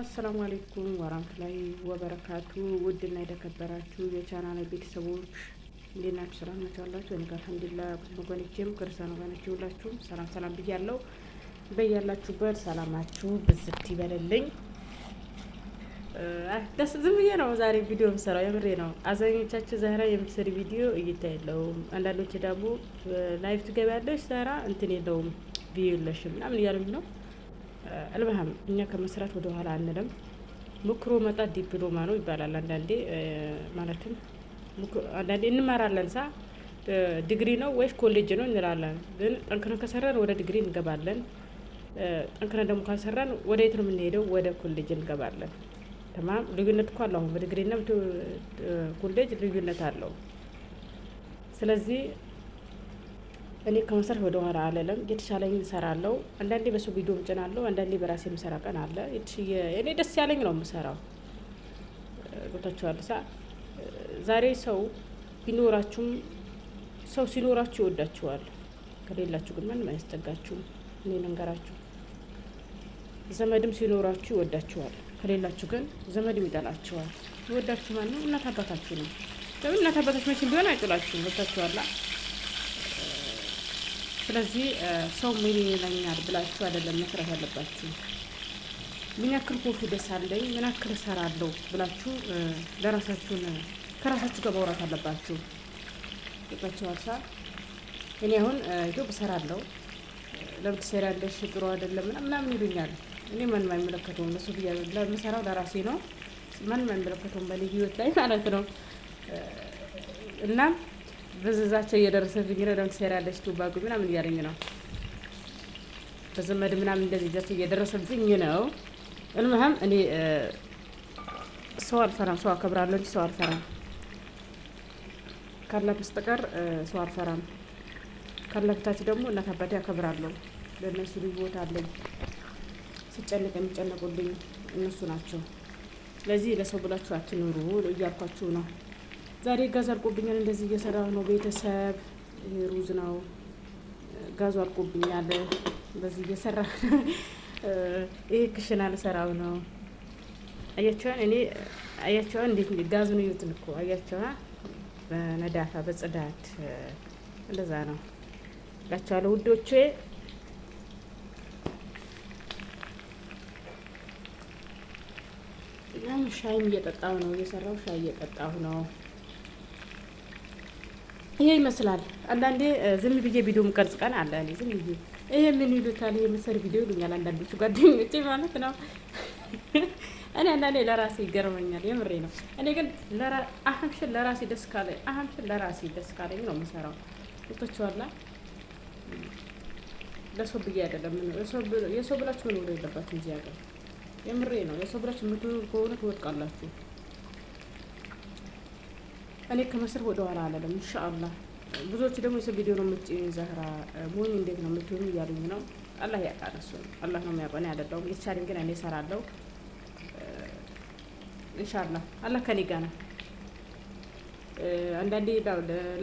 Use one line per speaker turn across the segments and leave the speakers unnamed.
አሰላሙ አሌይኩም ወራህመቱላሂ ወበረካቱ። ውድና የተከበራችሁ የቻናል ቤተሰቦች እንዴት ናችሁ? ስራ አላችሁ? እኔ ጋር አልሐምዱሊላህ ወገኖቼም ክርስቲያን ወገኖቼ ሁላችሁም ሰላም ሰላም ብያለሁ። በያላችሁበት ሰላማችሁ ብዝት ይበልልኝ። ደስ ዝም ብዬ ነው ዛሬ ቪዲዮ የምሰራው፣ የምሬ ነው። አብዛኞቻችሁ ዛህራ የምትሰሪ ቪዲዮ እይታ የለውም። አንዳንዶች ደግሞ ላይቭ ትገቢያለሽ ዛህራ እንትን የለውም ቪዩ የለሽም ምናምን እያሉኝ ነው አልመሀም እኛ ከመስራት ወደ ኋላ አንልም። ሙክሮ መጣ ዲፕሎማ ነው ይባላል። አንዳንዴ ማለትም አንዳንዴ እንማራለን ሳ ዲግሪ ነው ወይስ ኮሌጅ ነው እንላለን። ግን ጠንክረን ከሰራን ወደ ዲግሪ እንገባለን። ጠንክረን ደግሞ ካልሰራን ወደ የት ነው የምንሄደው? ወደ ኮሌጅ እንገባለን። ተማም ልዩነት እኮ አለው። አሁን በዲግሪና ኮሌጅ ልዩነት አለው። ስለዚህ እኔ ከመስራት ወደ ኋላ አለለም። የተሻለኝ እሰራለሁ። አንዳንዴ በሰው ቪዲዮ እጭናለሁ፣ አንዳንዴ በራሴ የምሰራ ቀን አለ። እኔ ደስ ያለኝ ነው የምሰራው። ገብታችኋል ሳ ዛሬ ሰው ቢኖራችሁም ሰው ሲኖራችሁ ይወዳችኋል። ከሌላችሁ ግን ማንም አያስጠጋችሁም። እኔ ነንገራችሁ ዘመድም ሲኖራችሁ ይወዳችኋል። ከሌላችሁ ግን ዘመድም ይጠላችኋል። ይወዳችሁ ማን ነው? እናት አባታችሁ ነው። ለምን እናት አባታችሁ መቼም ቢሆን አይጥላችሁም። ገብታችኋላ ስለዚህ ሰው ምን ይለኛል ብላችሁ አይደለም መስራት ያለባችሁ። ምን ያክል ኮንፊደንስ አለኝ፣ ምን ያክል እሰራለሁ ብላችሁ ለራሳችሁን ከራሳችሁ ጋር ማውራት አለባችሁ። ጣቸው አልሳ እኔ አሁን ኢትዮጵ እሰራለሁ፣ ለምን ትሰሪያለሽ? ጥሩ አይደለም ምናምን ይሉኛል። እኔ ማንም አይመለከተውም። እነሱ ብያ ለምሰራው ለራሴ ነው። ማንም አይመለከተውም በልዩ ህይወት ላይ ማለት ነው እና በዝዛቸው እየደረሰብኝ ነው። ለምን ትሰሪያለሽ ዱባጉ ምናምን እያለኝ ነው። በዘመድ ምናምን እንደዚህ እጃቸው እየደረሰብኝ ነው። እልምህም እኔ ሰው አልፈራም፣ ሰው አከብራለሁ እንጂ ሰው አልፈራም። ካላ በስተቀር ሰው አልፈራም። ካላ በታች ደግሞ እናት አባቴ አከብራለሁ። ለእነሱ ልዩ ቦታ አለኝ። ስጨነቅ የሚጨነቁልኝ እነሱ ናቸው። ስለዚህ ለሰው ብላችሁ አትኑሩ እያልኳችሁ ነው። ዛሬ ጋዝ አልቆብኛል። እንደዚህ እየሰራሁ ነው ቤተሰብ። ይሄ ሩዝ ነው። ጋዙ አልቆብኛል። በዚህ እየሰራ ይሄ ክሽና ልሰራው ነው። አያቸዋን እኔ አያቸዋን እንዴት ጋዙን እዩትን እኮ አያቸዋ። በነዳፋ በጽዳት እንደዛ ነው እላቸዋለሁ ውዶቼ። ሻይም እየጠጣሁ ነው እየሰራው ሻይ እየጠጣሁ ነው። ይሄ ይመስላል። አንዳንዴ ዝም ብዬ ቪዲዮ ምቀርጽ ቀን አለ። እኔ ዝም ብዬ ይሄ ምን ይሉታል ይሄ መሰል ቪዲዮ ይሉኛል አንዳንዶቹ ጓደኞቼ ማለት ነው። እኔ አንዳንዴ ለራሴ ይገርመኛል፣ የምሬ ነው። እኔ ግን አሀምሽን ለራሴ ደስ ካለ አሀምሽን ለራሴ ደስ ካለኝ ነው የምሰራው። ወጥቶችኋላ ለሰው ብዬ አይደለም። የሰው ብላችሁ መኖር የለባችሁ እዚህ ሀገር። የምሬ ነው። የሰው ብላችሁ የምትኖሩ ከሆነ ትወድቃላችሁ። እኔ ከመስር ወደ ኋላ አላለም። እንሻአላ ብዙዎች ደግሞ የሰው ቪዲዮ ነው ምጭ ዘህራ ሞኝ እንዴት ነው የምትሆኑ እያሉኝ ነው። አላህ ያውቃል፣ እሱ አላህ ነው የሚያውቀው። እኔ አይደለሁም። የተቻለኝ ግን እኔ እሰራለሁ። እንሻላ አላህ ከኔ ጋር ነው። አንዳንዴ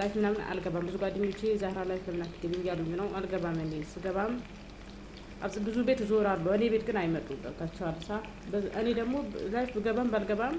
ላይፍ ምናምን አልገባም። ብዙ ጓደኞቼ ዛህራ ላይፍ ለምን አትገቢ እያሉኝ ነው። አልገባም። እኔ ስገባም ብዙ ቤት ዞራለሁ። እኔ ቤት ግን አይመጡ። ገብታችኋል ሳ እኔ ደግሞ ላይፍ ብገባም ባልገባም